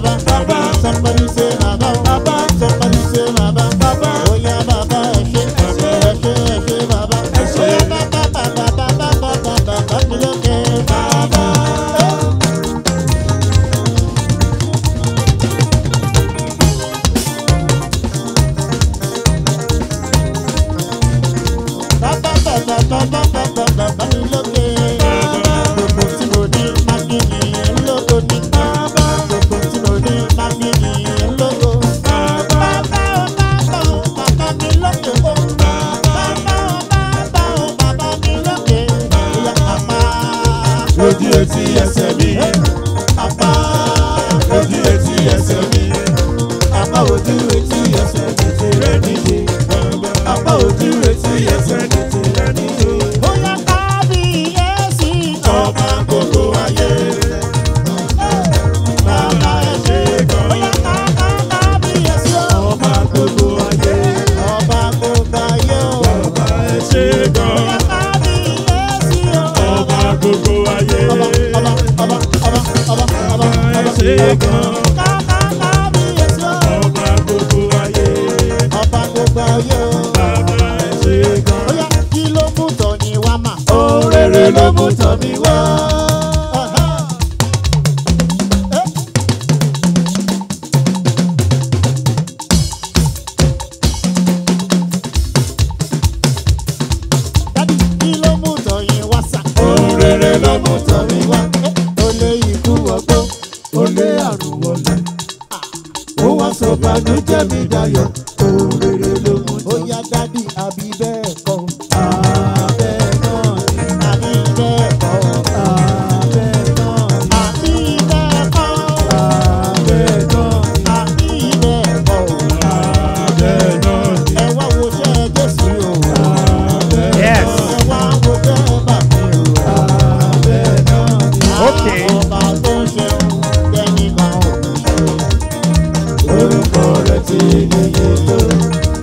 baba. Baba. Somebody say baba. Baba. Somebody say baba. Baba. Oh yeah baba. Eshe eshe eshe eshe baba. Eshe. Oh yeah baba baba baba baba baba baba lókè. Baba. Baba baba baba baba baba baba lókè. ṣe gan. kábíyèsí o. ọba gbogbo ayé. ọba gbogbo ayé o. bàbá ẹ ṣe orúkọ rẹ̀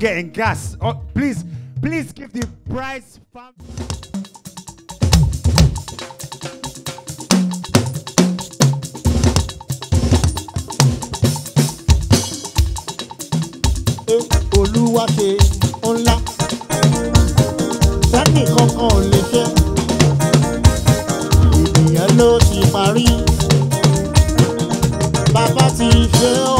getting gas. Oh, please, please give the price. kankan lè ló ti parí bàbá ti ó.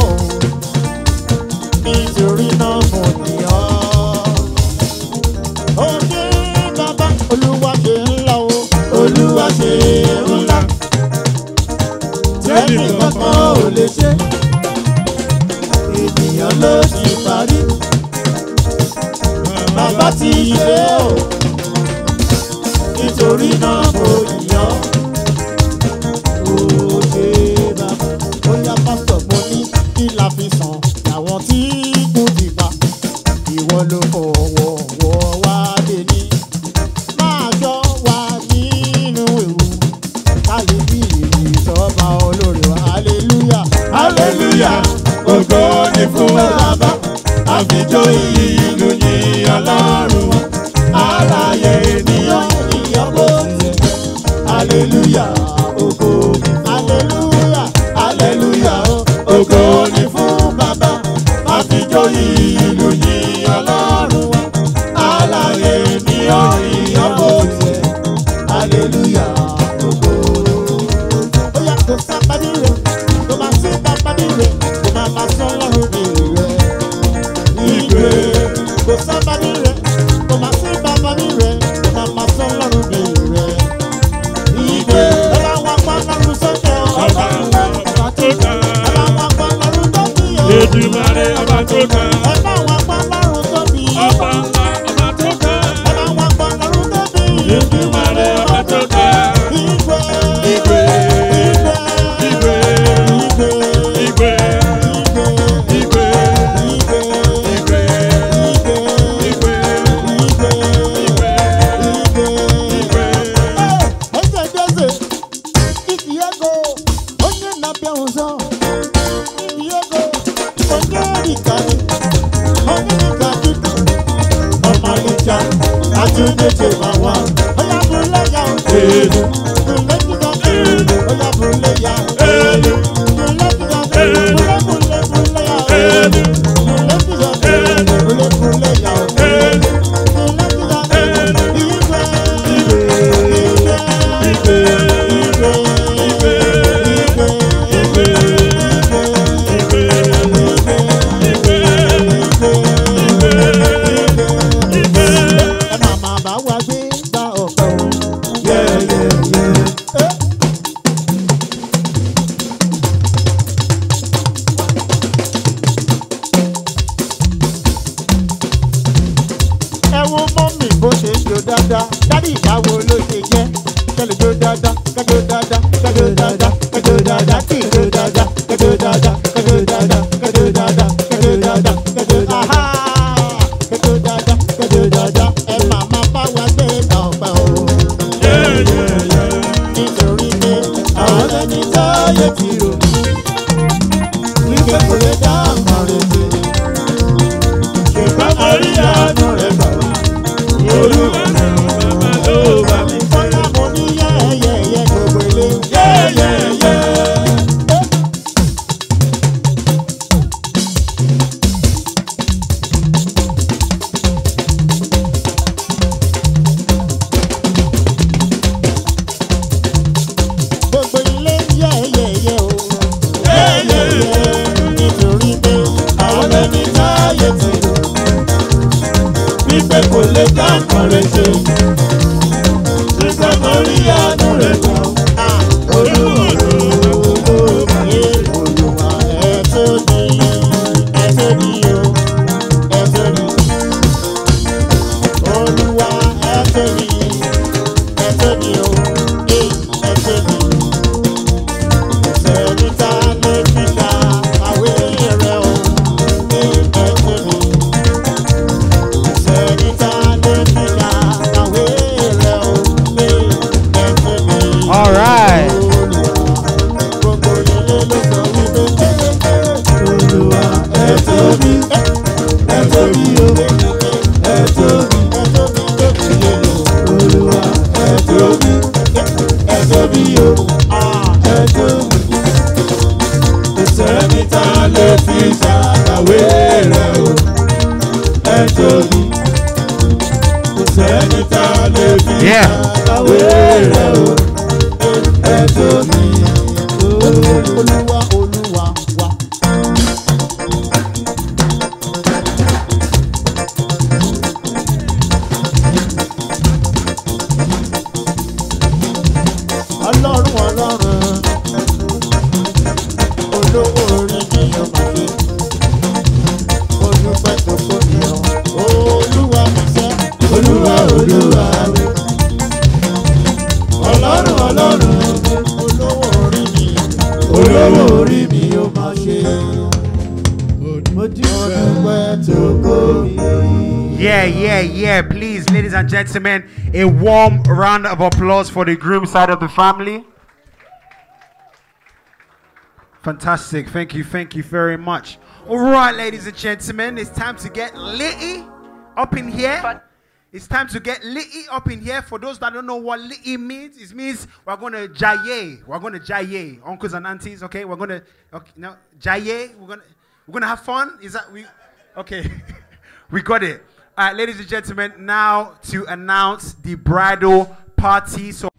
ṣe ńlá tẹ́lẹ̀ kankan ò lè ṣe ènìyàn ló ti parí bàbá ti ṣe o nítorí náà kò yíyan. hallelujah ògo ni hallelujah hallelujah ògo ni fún bàbá àfijọ́ yìí ìlú yìí ọlọ́run wa alààyè ni ọ́ ìyàwó tiẹ̀ hallelujah ògo. ó yà kó sábà nílò kó máa sí bàbá nílò kó máa máa sọ ọlọ́run nílò rẹ̀ nígbè kó sábà. dáadáa dádì ìdáwó ló ṣe jẹ́ kẹlẹ̀ jó dáadáa kẹjọ dáadáa kẹjọ dáadáa kẹjọ dáadáa tí ìjó dáadáa kẹjọ dáadáa kẹjọ dáadáa kẹjọ dáadáa kẹjọ dáadáa kẹjọ dáadáa kẹjọ dáadáa kẹjọ dáadáa ẹ máa máa bá wa gbé ọ̀pẹ́ o. nítorí pé àwọn ẹni táyé ti rò ní kékeré dáhùn retí ṣùgbọ́n mo rí àánú rẹ̀ bàbá olúwa. ṣe tá a kọrin tó. sẹ́ni tá a lè fi ṣàkàwé rẹ̀ o ẹ tóbi kò sẹ́ni tá a lè fi ṣàkàwé rẹ̀ o ẹ tóbi. Yeah, yeah, yeah. Please, ladies and gentlemen, a warm round of applause for the groom side of the family. Fantastic. Thank you. Thank you very much. All right, ladies and gentlemen, it's time to get litty up in here. It's time to get litty up in here. For those that don't know what litty means, it means we're going to jaye. We're going to jaye. Uncles and aunties, okay? We're going to, okay, now, jaye. We're going to, we're going to have fun. Is that, we, okay. we got it. All right, ladies and gentlemen, now to announce the bridal party. So